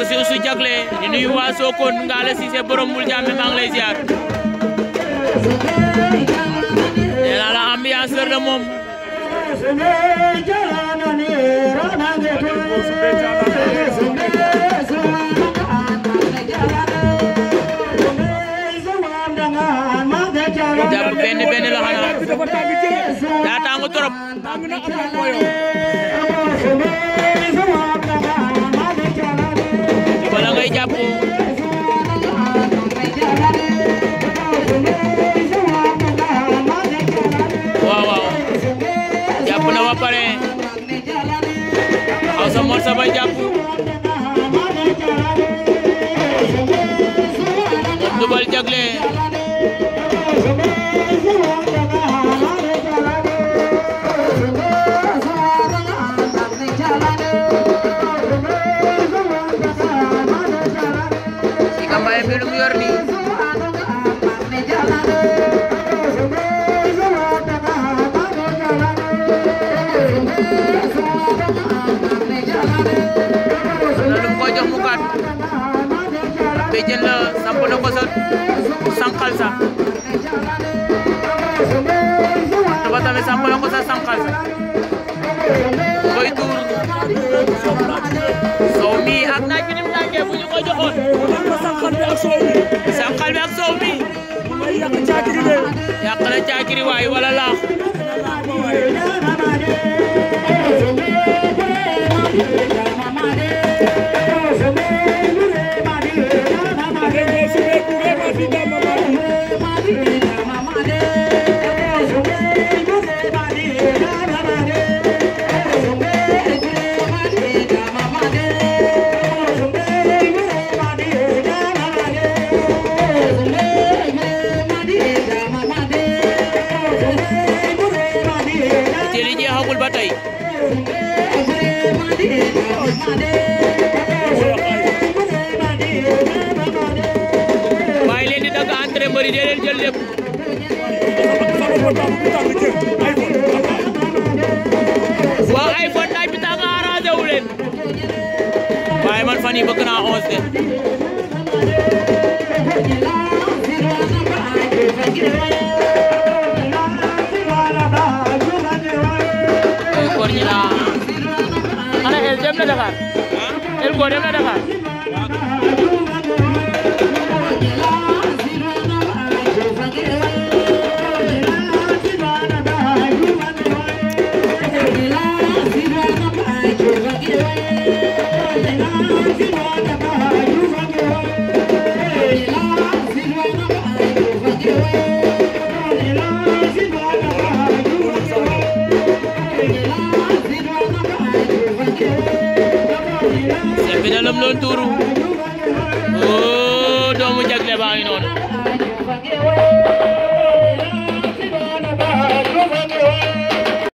te si usu jagle di nuyu nga la ci Cissé borom mul jàmme ma ngi lay ziar la ya, naa la ambianceur la moom jàpp benn benn la xanaa daa tàng trop ba pare Xawsa Mor Saba jàpp Double Diaglé ko jox mu gàtt béjjën la samp na ko sa sànqal sa dafa tamit samp na ko sa sànqal sa koy tuur soow mi ak naaj bi ni mu tàngee bu ñu ko joxoon sànqal bi ak bàyyi leen di dagg entrée mbëri dee leen jël lépp waaw ay fan daay bi tàng arrangé wu leen waaye man fan yi bëgg naa onze de Jamnya dekat. El gorengnya dekat. bi da lam loon tuuru oo oh, doomu jagle baa ngi noonu